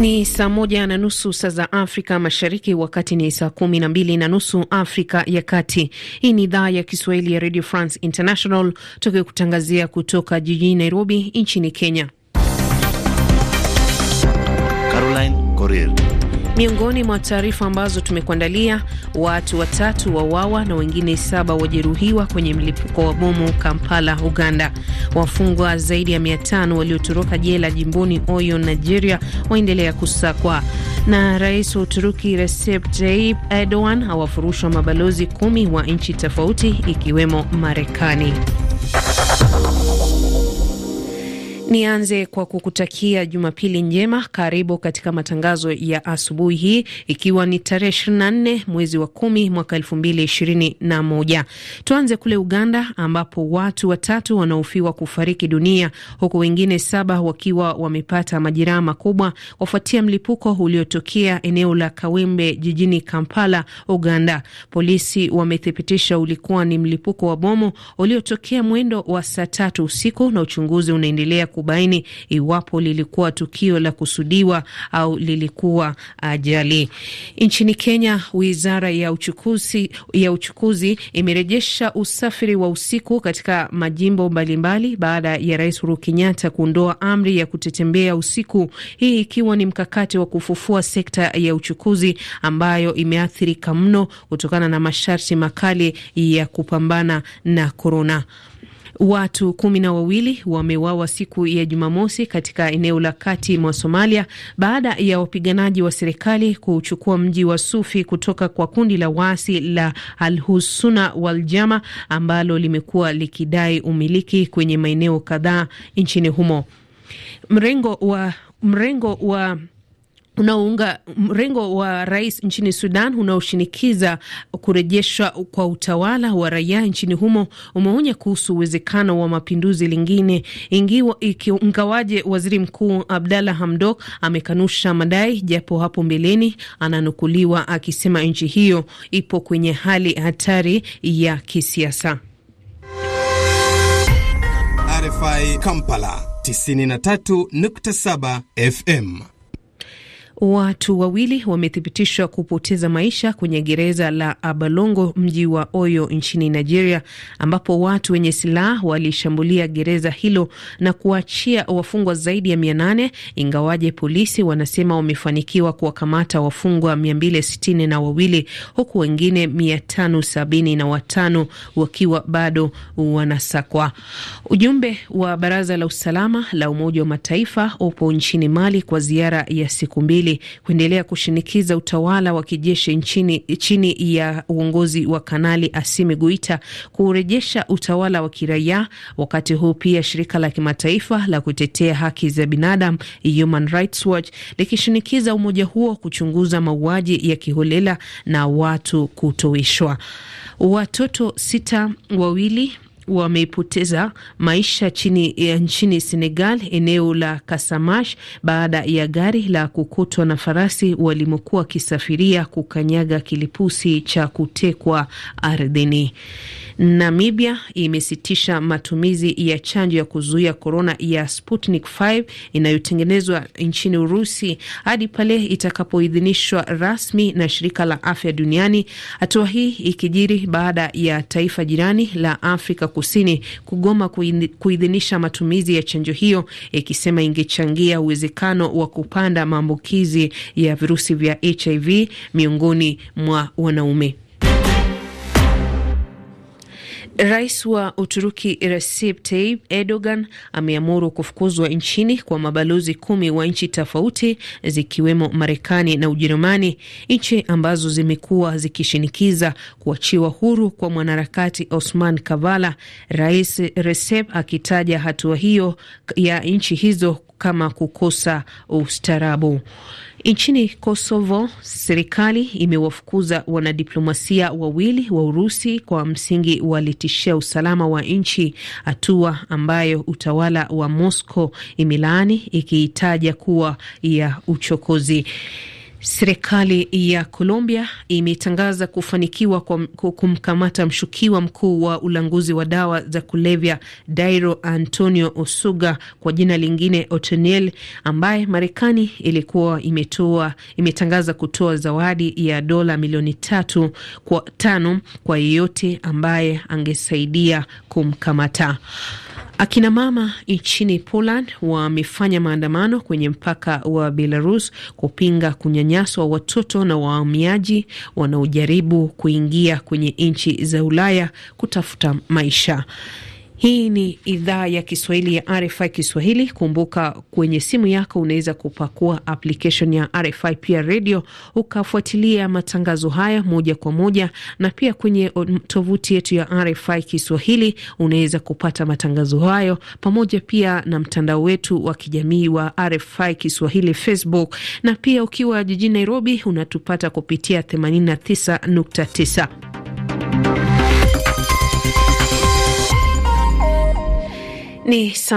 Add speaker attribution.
Speaker 1: Ni saa moja na nusu saa za Afrika Mashariki, wakati ni saa kumi na mbili na nusu Afrika ya Kati. Hii ni idhaa ya Kiswahili ya Radio France International tukikutangazia kutoka jijini Nairobi nchini Kenya. Caroline Corrier Miongoni mwa taarifa ambazo tumekuandalia, watu watatu wawawa na wengine saba wajeruhiwa kwenye mlipuko wa bomu Kampala, Uganda. Wafungwa zaidi ya mia tano waliotoroka jela jimboni Oyo, Nigeria, waendelea kusakwa. Na rais wa Uturuki Recep Tayyip Erdogan awafurushwa mabalozi kumi wa nchi tofauti ikiwemo Marekani. Nianze kwa kukutakia Jumapili njema. Karibu katika matangazo ya asubuhi hii, ikiwa ni tarehe 24 mwezi wa kumi mwaka moja. Tuanze kule Uganda ambapo watu watatu wanaofiwa kufariki dunia huku wengine saba wakiwa wamepata majeraha makubwa wafuatia mlipuko uliotokea eneo la Kawembe jijini Kampala, Uganda. Polisi wamethibitisha ulikuwa ni mlipuko wa bomu uliotokea mwendo wa saa tatu usiku na uchunguzi unaendelea kubaini iwapo lilikuwa tukio la kusudiwa au lilikuwa ajali. Nchini Kenya, wizara ya uchukuzi, ya uchukuzi imerejesha usafiri wa usiku katika majimbo mbalimbali baada ya Rais Uhuru Kenyatta kuondoa amri ya kutetembea usiku, hii ikiwa ni mkakati wa kufufua sekta ya uchukuzi ambayo imeathirika mno kutokana na masharti makali ya kupambana na korona. Watu kumi na wawili wamewawa siku ya Jumamosi katika eneo la kati mwa Somalia baada ya wapiganaji wa serikali kuchukua mji wa Sufi kutoka kwa kundi la waasi la Alhusuna Waljama ambalo limekuwa likidai umiliki kwenye maeneo kadhaa nchini humo. Mrengo wa mrengo wa unaounga mrengo wa rais nchini Sudan unaoshinikiza kurejeshwa kwa utawala wa raia nchini humo umeonya kuhusu uwezekano wa mapinduzi lingine, ingawaje waziri mkuu Abdalla Hamdok amekanusha madai, japo hapo mbeleni ananukuliwa akisema nchi hiyo ipo kwenye hali hatari ya kisiasa. RFI Kampala 93.7 FM. Watu wawili wamethibitishwa kupoteza maisha kwenye gereza la Abalongo, mji wa Oyo nchini Nigeria, ambapo watu wenye silaha walishambulia gereza hilo na kuachia wafungwa zaidi ya mia nane ingawaje polisi wanasema wamefanikiwa kuwakamata wafungwa mia mbili sitini na wawili huku wengine mia tano sabini na watano wakiwa bado wanasakwa. Ujumbe wa Baraza la Usalama la Umoja wa Mataifa upo nchini Mali kwa ziara ya siku mbili mbili kuendelea kushinikiza utawala wa kijeshi nchini chini ya uongozi wa Kanali Asimi Guita kurejesha utawala wa kiraia. Wakati huu pia shirika la kimataifa la kutetea haki za binadamu Human Rights Watch likishinikiza umoja huo kuchunguza mauaji ya kiholela na watu kutoishwa. Watoto sita, wawili wamepoteza maisha chini ya nchini Senegal, eneo la Kasamash, baada ya gari la kukutwa na farasi walimokuwa wakisafiria kukanyaga kilipusi cha kutekwa ardhini. Namibia imesitisha matumizi ya chanjo ya kuzuia korona ya Sputnik 5 inayotengenezwa nchini Urusi hadi pale itakapoidhinishwa rasmi na shirika la afya duniani, hatua hii ikijiri baada ya taifa jirani la Afrika Kusini kugoma kuidhinisha matumizi ya chanjo hiyo, ikisema ingechangia uwezekano wa kupanda maambukizi ya virusi vya HIV miongoni mwa wanaume. Rais wa Uturuki Recep Tayyip Erdogan ameamuru kufukuzwa nchini kwa mabalozi kumi wa nchi tofauti zikiwemo Marekani na Ujerumani, nchi ambazo zimekuwa zikishinikiza kuachiwa huru kwa mwanaharakati Osman Kavala, Rais Recep akitaja hatua hiyo ya nchi hizo kama kukosa ustarabu Nchini Kosovo, serikali imewafukuza wanadiplomasia wawili wa Urusi kwa msingi walitishia usalama wa nchi, hatua ambayo utawala wa Moscow imelaani ikiitaja kuwa ya uchokozi. Serikali ya Colombia imetangaza kufanikiwa kumkamata mshukiwa mkuu wa ulanguzi wa dawa za kulevya Dairo Antonio Osuga kwa jina lingine Otoniel, ambaye Marekani ilikuwa imetoa imetangaza kutoa zawadi ya dola milioni tatu kwa tano kwa yeyote ambaye angesaidia kumkamata. Akina mama nchini Poland wamefanya maandamano kwenye mpaka wa Belarus kupinga kunyanyaswa watoto na wahamiaji wanaojaribu kuingia kwenye nchi za Ulaya kutafuta maisha. Hii ni idhaa ya Kiswahili ya RFI Kiswahili. Kumbuka kwenye simu yako unaweza kupakua application ya RFI pia redio ukafuatilia matangazo haya moja kwa moja, na pia kwenye tovuti yetu ya RFI Kiswahili unaweza kupata matangazo hayo pamoja pia na mtandao wetu wa kijamii wa RFI Kiswahili Facebook, na pia ukiwa jijini Nairobi unatupata kupitia 89.9. Ni Sam